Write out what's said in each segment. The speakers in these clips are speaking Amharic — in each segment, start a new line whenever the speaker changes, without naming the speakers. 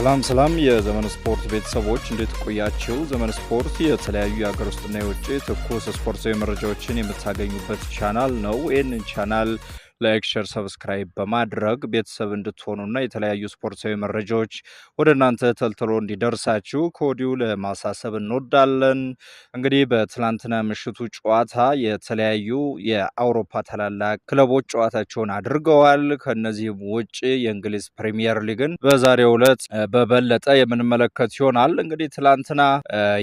ሰላም ሰላም የዘመን ስፖርት ቤተሰቦች እንዴት ቆያችው ዘመን ስፖርት የተለያዩ የሀገር ውስጥና የውጭ ትኩስ ስፖርታዊ መረጃዎችን የምታገኙበት ቻናል ነው። ይህንን ቻናል ላይክ፣ ሸር፣ ሰብስክራይብ በማድረግ ቤተሰብ እንድትሆኑና የተለያዩ ስፖርታዊ መረጃዎች ወደ እናንተ ተልትሎ እንዲደርሳችሁ ከወዲሁ ለማሳሰብ እንወዳለን። እንግዲህ በትላንትና ምሽቱ ጨዋታ የተለያዩ የአውሮፓ ታላላቅ ክለቦች ጨዋታቸውን አድርገዋል። ከእነዚህም ውጭ የእንግሊዝ ፕሪሚየር ሊግን በዛሬው ዕለት በበለጠ የምንመለከት ይሆናል። እንግዲህ ትላንትና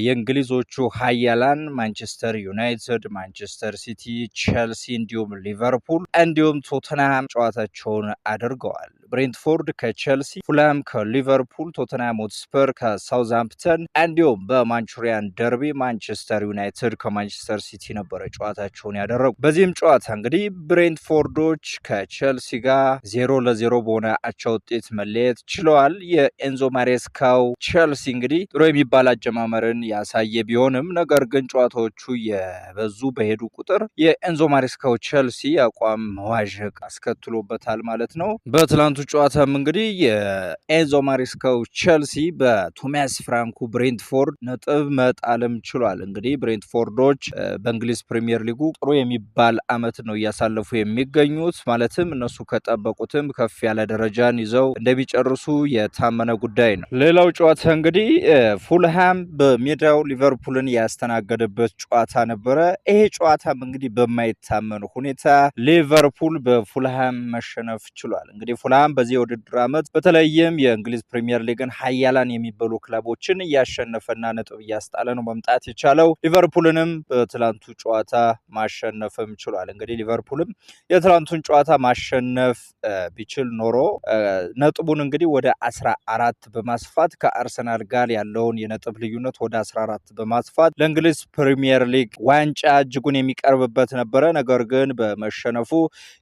የእንግሊዞቹ ሀያላን ማንቸስተር ዩናይትድ፣ ማንቸስተር ሲቲ፣ ቼልሲ እንዲሁም ሊቨርፑል እንዲሁም ቶተንሃም ጨዋታቸውን አድርገዋል። ብሬንትፎርድ ከቼልሲ፣ ፉላም ከሊቨርፑል፣ ቶተንሃም ሆትስፐር ከሳውዝሃምፕተን እንዲሁም በማንቹሪያን ደርቢ ማንቸስተር ዩናይትድ ከማንቸስተር ሲቲ ነበረ ጨዋታቸውን ያደረጉ። በዚህም ጨዋታ እንግዲህ ብሬንትፎርዶች ከቼልሲ ጋር ዜሮ ለዜሮ በሆነ አቻ ውጤት መለየት ችለዋል። የኤንዞ ማሬስካው ቼልሲ እንግዲህ ጥሩ የሚባል አጀማመርን ያሳየ ቢሆንም ነገር ግን ጨዋታዎቹ የበዙ በሄዱ ቁጥር የኤንዞ ማሬስካው ቼልሲ አቋም መዋዠቅ አስከትሎበታል ማለት ነው። በትላንቱ በትናንቱ ጨዋታም እንግዲህ የኤንዞ ማሪስካው ቸልሲ በቶሚያስ ፍራንኩ ብሬንትፎርድ ነጥብ መጣልም ችሏል። እንግዲህ ብሬንትፎርዶች በእንግሊዝ ፕሪሚየር ሊጉ ጥሩ የሚባል አመት ነው እያሳለፉ የሚገኙት። ማለትም እነሱ ከጠበቁትም ከፍ ያለ ደረጃን ይዘው እንደሚጨርሱ የታመነ ጉዳይ ነው። ሌላው ጨዋታ እንግዲህ ፉልሃም በሜዳው ሊቨርፑልን ያስተናገደበት ጨዋታ ነበረ። ይሄ ጨዋታም እንግዲህ በማይታመን ሁኔታ ሊቨርፑል በፉልሃም መሸነፍ ችሏል። እንግዲህ ፉልሃም ቶተንሃም በዚህ የውድድር ዓመት በተለይም የእንግሊዝ ፕሪምየር ሊግን ሀያላን የሚበሉ ክለቦችን እያሸነፈና ነጥብ እያስጣለ ነው መምጣት የቻለው። ሊቨርፑልንም በትላንቱ ጨዋታ ማሸነፍም ችሏል። እንግዲህ ሊቨርፑልም የትላንቱን ጨዋታ ማሸነፍ ቢችል ኖሮ ነጥቡን እንግዲህ ወደ አስራ አራት በማስፋት ከአርሰናል ጋር ያለውን የነጥብ ልዩነት ወደ አስራ አራት በማስፋት ለእንግሊዝ ፕሪሚየር ሊግ ዋንጫ እጅጉን የሚቀርብበት ነበረ። ነገር ግን በመሸነፉ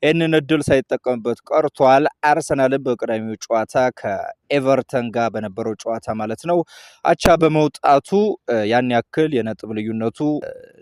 ይህንን እድል ሳይጠቀምበት ቀርቷል። አርሰናል አሸንፈናል። በቀዳሚው ጨዋታ ከ ኤቨርተን ጋር በነበረው ጨዋታ ማለት ነው። አቻ በመውጣቱ ያን ያክል የነጥብ ልዩነቱ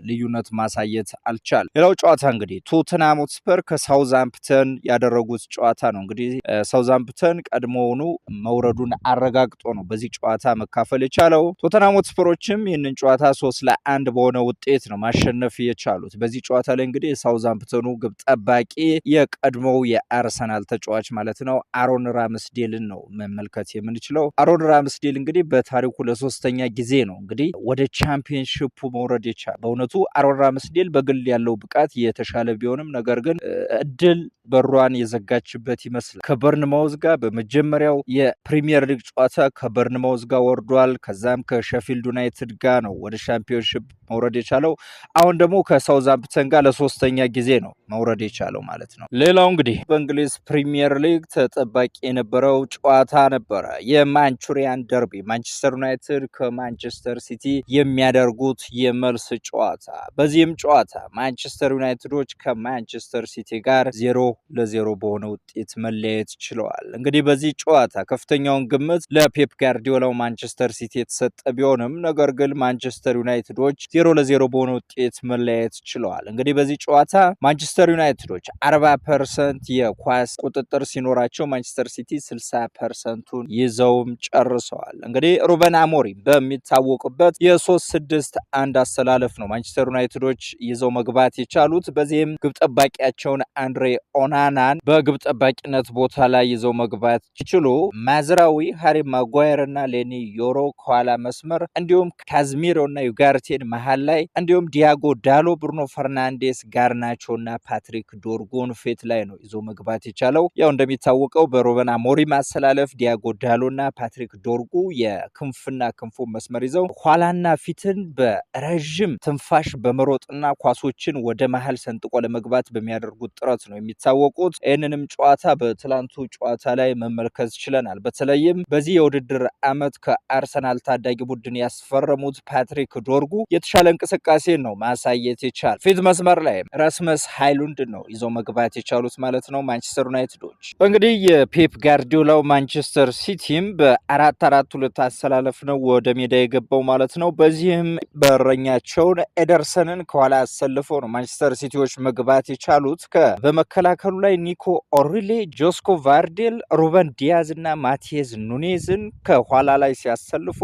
ልዩነት ማሳየት አልቻል። ሌላው ጨዋታ እንግዲህ ቶትናም ሆትስፐር ከሳውዛምፕተን ያደረጉት ጨዋታ ነው። እንግዲህ ሳውዛምፕተን ቀድሞውኑ መውረዱን አረጋግጦ ነው በዚህ ጨዋታ መካፈል የቻለው። ቶትናም ሆትስፐሮችም ይህንን ጨዋታ ሶስት ለአንድ በሆነ ውጤት ነው ማሸነፍ የቻሉት። በዚህ ጨዋታ ላይ እንግዲህ የሳውዛምፕተኑ ግብ ጠባቂ የቀድሞው የአርሰናል ተጫዋች ማለት ነው አሮን ራምስዴልን ነው መመልከት መመልከት የምንችለው አሮን ራምስዴል እንግዲህ በታሪኩ ለሶስተኛ ጊዜ ነው እንግዲህ ወደ ቻምፒየንሽፑ መውረድ የቻለ። በእውነቱ አሮን ራምስዴል በግል ያለው ብቃት የተሻለ ቢሆንም ነገር ግን እድል በሯን የዘጋችበት ይመስላል። ከበርንማውዝ ጋር በመጀመሪያው የፕሪሚየር ሊግ ጨዋታ ከበርንማውዝ ጋር ወርዷል። ከዛም ከሸፊልድ ዩናይትድ ጋር ነው ወደ ቻምፒዮንሽፕ መውረድ የቻለው። አሁን ደግሞ ከሳውዛምፕተን ጋር ለሶስተኛ ጊዜ ነው መውረድ የቻለው ማለት ነው። ሌላው እንግዲህ በእንግሊዝ ፕሪሚየር ሊግ ተጠባቂ የነበረው ጨዋታ ነበር። ነበረ። የማንቹሪያን ደርቢ ማንቸስተር ዩናይትድ ከማንቸስተር ሲቲ የሚያደርጉት የመልስ ጨዋታ። በዚህም ጨዋታ ማንቸስተር ዩናይትዶች ከማንቸስተር ሲቲ ጋር ዜሮ ለዜሮ በሆነ ውጤት መለያየት ችለዋል። እንግዲህ በዚህ ጨዋታ ከፍተኛውን ግምት ለፔፕ ጋርዲዮላው ማንቸስተር ሲቲ የተሰጠ ቢሆንም ነገር ግን ማንቸስተር ዩናይትዶች ዜሮ ለዜሮ በሆነ ውጤት መለያየት ችለዋል። እንግዲህ በዚህ ጨዋታ ማንቸስተር ዩናይትዶች አርባ ፐርሰንት የኳስ ቁጥጥር ሲኖራቸው ማንቸስተር ሲቲ ስልሳ ፐርሰንቱ ሶስቱን ይዘውም ጨርሰዋል። እንግዲህ ሩበን አሞሪም በሚታወቁበት የሶስት ስድስት አንድ አሰላለፍ ነው ማንቸስተር ዩናይትዶች ይዘው መግባት የቻሉት። በዚህም ግብ ጠባቂያቸውን አንድሬ ኦናናን በግብ ጠባቂነት ቦታ ላይ ይዘው መግባት ይችሉ ማዝራዊ፣ ሃሪ ማጓየር እና ሌኒ ዮሮ ከኋላ መስመር እንዲሁም ካዝሚሮ እና ዩጋርቴን መሀል ላይ እንዲሁም ዲያጎ ዳሎ፣ ብሩኖ ፈርናንዴስ፣ ጋርናቾ እና ፓትሪክ ዶርጎን ፌት ላይ ነው ይዞ መግባት የቻለው። ያው እንደሚታወቀው በሮበን አሞሪም አሰላለፍ ዲያጎ ጎዳሎና ፓትሪክ ዶርጉ የክንፍና ክንፉ መስመር ይዘው ኋላና ፊትን በረዥም ትንፋሽ በመሮጥና ኳሶችን ወደ መሀል ሰንጥቆ ለመግባት በሚያደርጉት ጥረት ነው የሚታወቁት። ይህንንም ጨዋታ በትላንቱ ጨዋታ ላይ መመልከት ችለናል። በተለይም በዚህ የውድድር ዓመት ከአርሰናል ታዳጊ ቡድን ያስፈረሙት ፓትሪክ ዶርጉ የተሻለ እንቅስቃሴ ነው ማሳየት ይቻል። ፊት መስመር ላይ ረስመስ ሃይሉንድ ነው ይዘው መግባት የቻሉት ማለት ነው ማንቸስተር ዩናይትዶች። እንግዲህ የፔፕ ጋርዲዮላው ማንቸስተር ሲቲም በአራት አራት ሁለት አሰላለፍ ነው ወደ ሜዳ የገባው ማለት ነው። በዚህም በረኛቸውን ኤደርሰንን ከኋላ አሰልፈው ነው ማንቸስተር ሲቲዎች መግባት የቻሉት። በመከላከሉ ላይ ኒኮ ኦሪሌ፣ ጆስኮ ቫርዴል፣ ሩበን ዲያዝ እና ማቲየዝ ኑኔዝን ከኋላ ላይ ሲያሰልፉ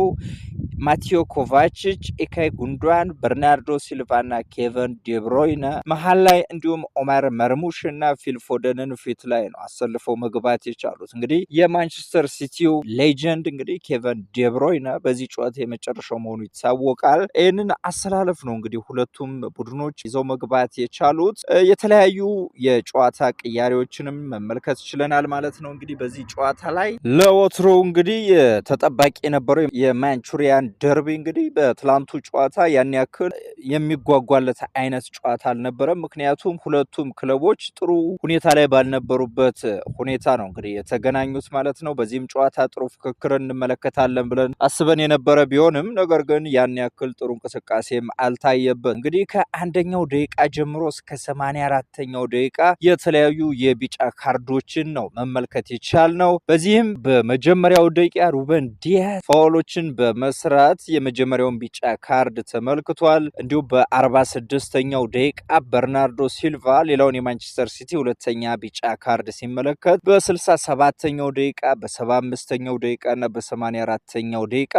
ማቴዮ ኮቫችች፣ ኢካይ ጉንዷን፣ በርናርዶ ሲልቫ እና ኬቨን ዴብሮይነ መሀል ላይ እንዲሁም ኦማር መርሙሽ እና ፊልፎደንን ፊት ላይ ነው አሰልፈው መግባት የቻሉት። እንግዲህ የማንቸስተር ሲቲው ሌጀንድ እንግዲህ ኬቨን ዴብሮይነ በዚህ ጨዋታ የመጨረሻው መሆኑ ይታወቃል። ይህንን አሰላለፍ ነው እንግዲህ ሁለቱም ቡድኖች ይዘው መግባት የቻሉት። የተለያዩ የጨዋታ ቅያሬዎችንም መመልከት ችለናል ማለት ነው። እንግዲህ በዚህ ጨዋታ ላይ ለወትሮ እንግዲህ ተጠባቂ የነበረው የማንቹሪያን ደርቢ እንግዲህ በትላንቱ ጨዋታ ያን ያክል የሚጓጓለት አይነት ጨዋታ አልነበረም። ምክንያቱም ሁለቱም ክለቦች ጥሩ ሁኔታ ላይ ባልነበሩበት ሁኔታ ነው እንግዲህ የተገናኙት ማለት ነው። በዚህም ጨዋታ ጥሩ ፍክክር እንመለከታለን ብለን አስበን የነበረ ቢሆንም ነገር ግን ያን ያክል ጥሩ እንቅስቃሴም አልታየበት። እንግዲህ ከአንደኛው ደቂቃ ጀምሮ እስከ ሰማንያ አራተኛው ደቂቃ የተለያዩ የቢጫ ካርዶችን ነው መመልከት ይቻል ነው። በዚህም በመጀመሪያው ደቂቃ ሩበን ዲያ ፋውሎችን በመስራት ሰዓት የመጀመሪያውን ቢጫ ካርድ ተመልክቷል። እንዲሁም በ 46 ደቂቃ በርናርዶ ሲልቫ ሌላውን የማንቸስተር ሲቲ ሁለተኛ ቢጫ ካርድ ሲመለከት በ67ኛው ደቂቃ በ75ኛው ደቂቃ እና በ84ኛው ደቂቃ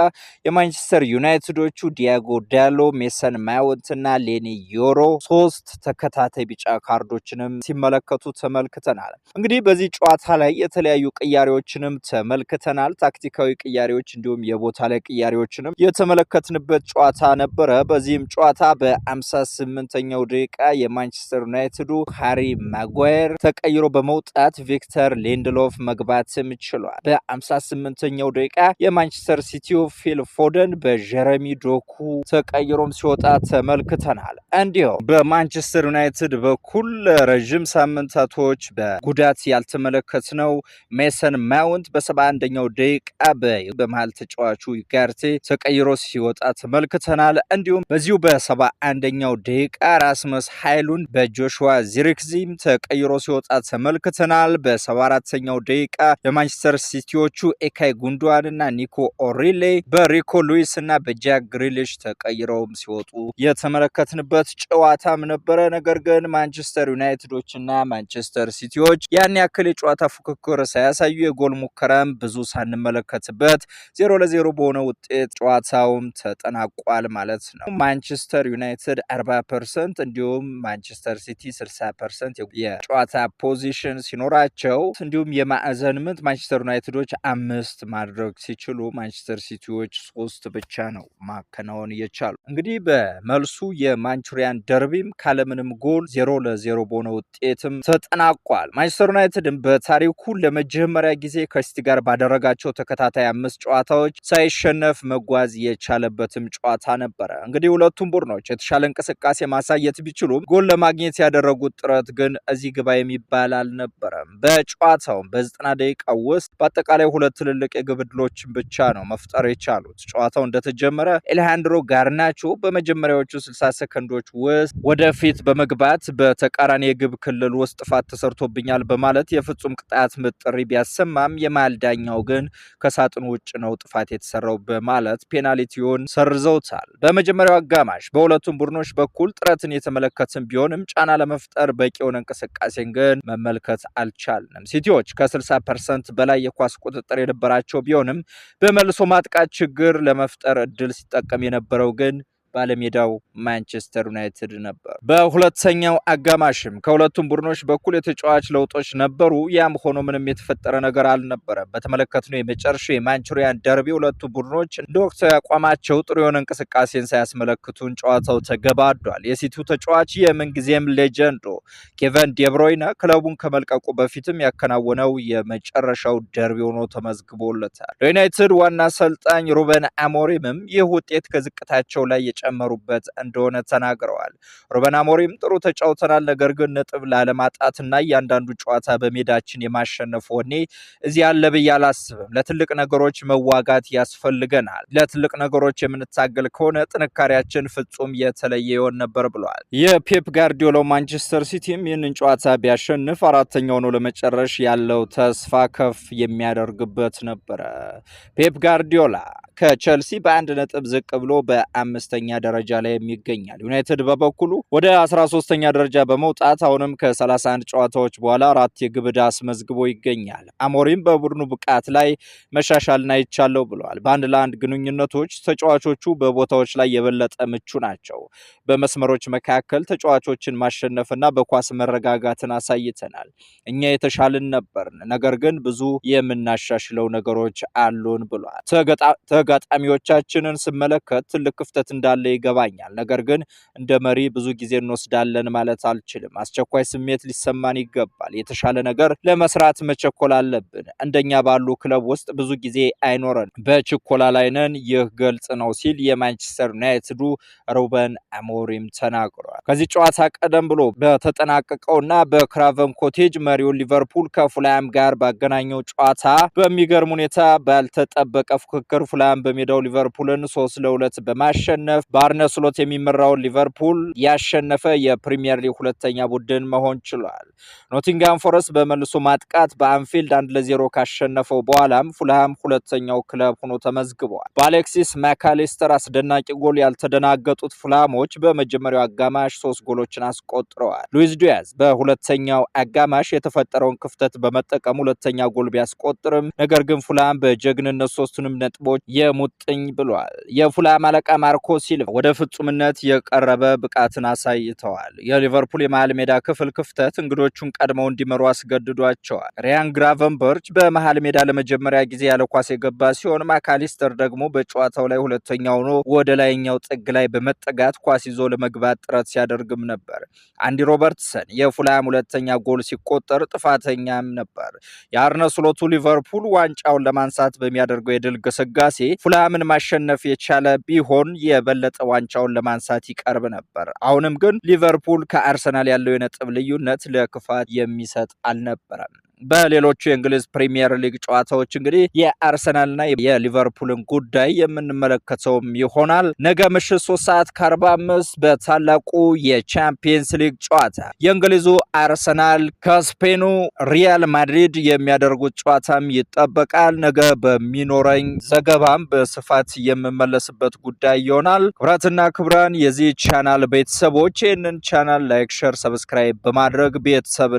የማንቸስተር ዩናይትዶቹ ዲያጎ ዳሎ፣ ሜሰን ማውንት እና ሌኒ ዮሮ ሶስት ተከታታይ ቢጫ ካርዶችንም ሲመለከቱ ተመልክተናል። እንግዲህ በዚህ ጨዋታ ላይ የተለያዩ ቅያሬዎችንም ተመልክተናል። ታክቲካዊ ቅያሬዎች እንዲሁም የቦታ ላይ ቅያሬዎችንም ሲሆንም የተመለከትንበት ጨዋታ ነበረ። በዚህም ጨዋታ በ58ኛው ደቂቃ የማንቸስተር ዩናይትዱ ሃሪ ማጓየር ተቀይሮ በመውጣት ቪክተር ሊንድሎፍ መግባትም ችሏል። በ58ኛው ደቂቃ የማንቸስተር ሲቲው ፊል ፎደን በጀረሚ ዶኩ ተቀይሮም ሲወጣ ተመልክተናል። እንዲሁም በማንቸስተር ዩናይትድ በኩል ረዥም ሳምንታቶች በጉዳት ያልተመለከትነው ሜሰን ማውንት በ71ኛው ደቂቃ በመሀል ተጫዋቹ ጋርቴ ተቀይሮ ሲወጣ ተመልክተናል። እንዲሁም በዚሁ በሰባ አንደኛው ደቂቃ ራስመስ ኃይሉን በጆሹዋ ዚርክዚም ተቀይሮ ሲወጣ ተመልክተናል። በሰባ አራተኛው ደቂቃ የማንቸስተር ሲቲዎቹ ኤካይ ጉንዱዋን እና ኒኮ ኦሪሌ በሪኮ ሉዊስ እና በጃክ ግሪሊሽ ተቀይረውም ሲወጡ የተመለከትንበት ጨዋታም ነበረ። ነገር ግን ማንቸስተር ዩናይትዶች እና ማንቸስተር ሲቲዎች ያን ያክል የጨዋታ ፉክክር ሳያሳዩ የጎል ሙከራም ብዙ ሳንመለከትበት ዜሮ ለዜሮ በሆነ ውጤት ጨዋታውም ተጠናቋል ማለት ነው። ማንቸስተር ዩናይትድ 40 ፐርሰንት እንዲሁም ማንቸስተር ሲቲ 60 ፐርሰንት የጨዋታ ፖዚሽን ሲኖራቸው እንዲሁም የማዕዘን ምት ማንቸስተር ዩናይትዶች አምስት ማድረግ ሲችሉ ማንቸስተር ሲቲዎች ሶስት ብቻ ነው ማከናወን እየቻሉ እንግዲህ በመልሱ የማንቹሪያን ደርቢም ካለምንም ጎል ዜሮ ለዜሮ በሆነ ውጤትም ተጠናቋል። ማንቸስተር ዩናይትድም በታሪኩ ለመጀመሪያ ጊዜ ከሲቲ ጋር ባደረጋቸው ተከታታይ አምስት ጨዋታዎች ሳይሸነፍ መጎ መጓዝ የቻለበትም ጨዋታ ነበረ። እንግዲህ ሁለቱም ቡድኖች የተሻለ እንቅስቃሴ ማሳየት ቢችሉም ጎል ለማግኘት ያደረጉት ጥረት ግን እዚህ ግባ የሚባል አልነበረም። በጨዋታው በዘጠና ደቂቃ ውስጥ በአጠቃላይ ሁለት ትልልቅ የግብ ዕድሎችን ብቻ ነው መፍጠር የቻሉት። ጨዋታው እንደተጀመረ ኤልሃንድሮ ጋርናቾ በመጀመሪያዎቹ 60 ሰከንዶች ውስጥ ወደፊት በመግባት በተቃራኒ የግብ ክልል ውስጥ ጥፋት ተሰርቶብኛል በማለት የፍጹም ቅጣት ምት ጥሪ ቢያሰማም የማልዳኛው ግን ከሳጥኑ ውጭ ነው ጥፋት የተሰራው በማለት በመስጠት ፔናልቲውን ሰርዘውታል። በመጀመሪያው አጋማሽ በሁለቱም ቡድኖች በኩል ጥረትን የተመለከትን ቢሆንም ጫና ለመፍጠር በቂ የሆነ እንቅስቃሴን ግን መመልከት አልቻልንም። ሲቲዎች ከ60 ፐርሰንት በላይ የኳስ ቁጥጥር የነበራቸው ቢሆንም በመልሶ ማጥቃት ችግር ለመፍጠር እድል ሲጠቀም የነበረው ግን ባለሜዳው ማንቸስተር ዩናይትድ ነበር። በሁለተኛው አጋማሽም ከሁለቱም ቡድኖች በኩል የተጫዋች ለውጦች ነበሩ። ያም ሆኖ ምንም የተፈጠረ ነገር አልነበረም። በተመለከትነው የመጨረሻው የማንቹሪያን ደርቢ ሁለቱ ቡድኖች እንደ ወቅቱ ያቋማቸው ጥሩ የሆነ እንቅስቃሴን ሳያስመለክቱን ጨዋታው ተገባዷል። የሲቲው ተጫዋች የምንጊዜም ሌጀንዶ ኬቨን ዴብሮይነ ክለቡን ከመልቀቁ በፊትም ያከናወነው የመጨረሻው ደርቢ ሆኖ ተመዝግቦለታል። ለዩናይትድ ዋና አሰልጣኝ ሩበን አሞሪምም ይህ ውጤት ከዝቅታቸው ላይ የጨመሩበት እንደሆነ ተናግረዋል። ሩበን አሞሪም ጥሩ ተጫውተናል፣ ነገር ግን ነጥብ ላለማጣትና እያንዳንዱ ጨዋታ በሜዳችን የማሸነፍ ወኔ እዚህ አለ ብዬ አላስብም። ለትልቅ ነገሮች መዋጋት ያስፈልገናል። ለትልቅ ነገሮች የምንታገል ከሆነ ጥንካሬያችን ፍጹም የተለየ ይሆን ነበር ብሏል። የፔፕ ጋርዲዮላው ማንቸስተር ሲቲም ይህንን ጨዋታ ቢያሸንፍ አራተኛ ሆኖ ለመጨረሽ ያለው ተስፋ ከፍ የሚያደርግበት ነበረ። ፔፕ ጋርዲዮላ ከቸልሲ በአንድ ነጥብ ዝቅ ብሎ በአምስተኛ ደረጃ ላይ ይገኛል። ዩናይትድ በበኩሉ ወደ 13 ተኛ ደረጃ በመውጣት አሁንም ከ31 ጨዋታዎች በኋላ አራት የግብ ዕዳ አስመዝግቦ ይገኛል። አሞሪም በቡድኑ ብቃት ላይ መሻሻል ናይቻለው ብለዋል። በአንድ ለአንድ ግንኙነቶች ተጫዋቾቹ በቦታዎች ላይ የበለጠ ምቹ ናቸው። በመስመሮች መካከል ተጫዋቾችን ማሸነፍና በኳስ መረጋጋትን አሳይተናል። እኛ የተሻልን ነበርን፣ ነገር ግን ብዙ የምናሻሽለው ነገሮች አሉን ብሏል። ተጋጣሚዎቻችንን ስመለከት ትልቅ ክፍተት እንዳለ እንዳለ ይገባኛል። ነገር ግን እንደ መሪ ብዙ ጊዜ እንወስዳለን ማለት አልችልም። አስቸኳይ ስሜት ሊሰማን ይገባል። የተሻለ ነገር ለመስራት መቸኮል አለብን። እንደኛ ባሉ ክለብ ውስጥ ብዙ ጊዜ አይኖረን፣ በችኮላ ላይ ነን። ይህ ግልጽ ነው ሲል የማንቸስተር ዩናይትዱ ሩበን አሞሪም ተናግሯል። ከዚህ ጨዋታ ቀደም ብሎ በተጠናቀቀውና በክራቨን ኮቴጅ መሪው ሊቨርፑል ከፉላያም ጋር ባገናኘው ጨዋታ በሚገርም ሁኔታ ባልተጠበቀ ፉክክር ፉላያም በሜዳው ሊቨርፑልን ሶስት ለሁለት በማሸነፍ በአርነ ስሎት የሚመራውን ሊቨርፑል ያሸነፈ የፕሪምየር ሊግ ሁለተኛ ቡድን መሆን ችሏል። ኖቲንግሃም ፎረስት በመልሶ ማጥቃት በአንፊልድ አንድ ለዜሮ ካሸነፈው በኋላም ፉልሃም ሁለተኛው ክለብ ሆኖ ተመዝግቧል። በአሌክሲስ ማካሊስተር አስደናቂ ጎል ያልተደናገጡት ፉልሃሞች በመጀመሪያው አጋማሽ ሶስት ጎሎችን አስቆጥረዋል። ሉዊስ ዲያዝ በሁለተኛው አጋማሽ የተፈጠረውን ክፍተት በመጠቀም ሁለተኛ ጎል ቢያስቆጥርም ነገር ግን ፉልሃም በጀግንነት ሶስቱንም ነጥቦች የሙጥኝ ብሏል። የፉልሃም አለቃ ማርኮ ሲል ወደ ፍጹምነት የቀረበ ብቃትን አሳይተዋል። የሊቨርፑል የመሃል ሜዳ ክፍል ክፍተት እንግዶቹን ቀድመው እንዲመሩ አስገድዷቸዋል። ሪያን ግራቨንበርች በመሃል ሜዳ ለመጀመሪያ ጊዜ ያለ ኳስ የገባ ሲሆን ማካሊስተር ደግሞ በጨዋታው ላይ ሁለተኛ ሆኖ ወደ ላይኛው ጥግ ላይ በመጠጋት ኳስ ይዞ ለመግባት ጥረት ሲያደርግም ነበር። አንዲ ሮበርትሰን የፉላም ሁለተኛ ጎል ሲቆጠር ጥፋተኛም ነበር። የአርነ ስሎቱ ሊቨርፑል ዋንጫውን ለማንሳት በሚያደርገው የድል ግስጋሴ ፉላምን ማሸነፍ የቻለ ቢሆን የበለ የበለጠ ዋንጫውን ለማንሳት ይቀርብ ነበር። አሁንም ግን ሊቨርፑል ከአርሰናል ያለው የነጥብ ልዩነት ለክፋት የሚሰጥ አልነበረም። በሌሎቹ የእንግሊዝ ፕሪሚየር ሊግ ጨዋታዎች እንግዲህ የአርሰናልና የሊቨርፑልን ጉዳይ የምንመለከተውም ይሆናል። ነገ ምሽት ሶስት ሰዓት ከአርባ አምስት በታላቁ የቻምፒየንስ ሊግ ጨዋታ የእንግሊዙ አርሰናል ከስፔኑ ሪያል ማድሪድ የሚያደርጉት ጨዋታም ይጠበቃል። ነገ በሚኖረኝ ዘገባም በስፋት የምመለስበት ጉዳይ ይሆናል። ክብራትና ክብራን የዚህ ቻናል ቤተሰቦች ይህንን ቻናል ላይክ፣ ሸር፣ ሰብስክራይብ በማድረግ ቤተሰብ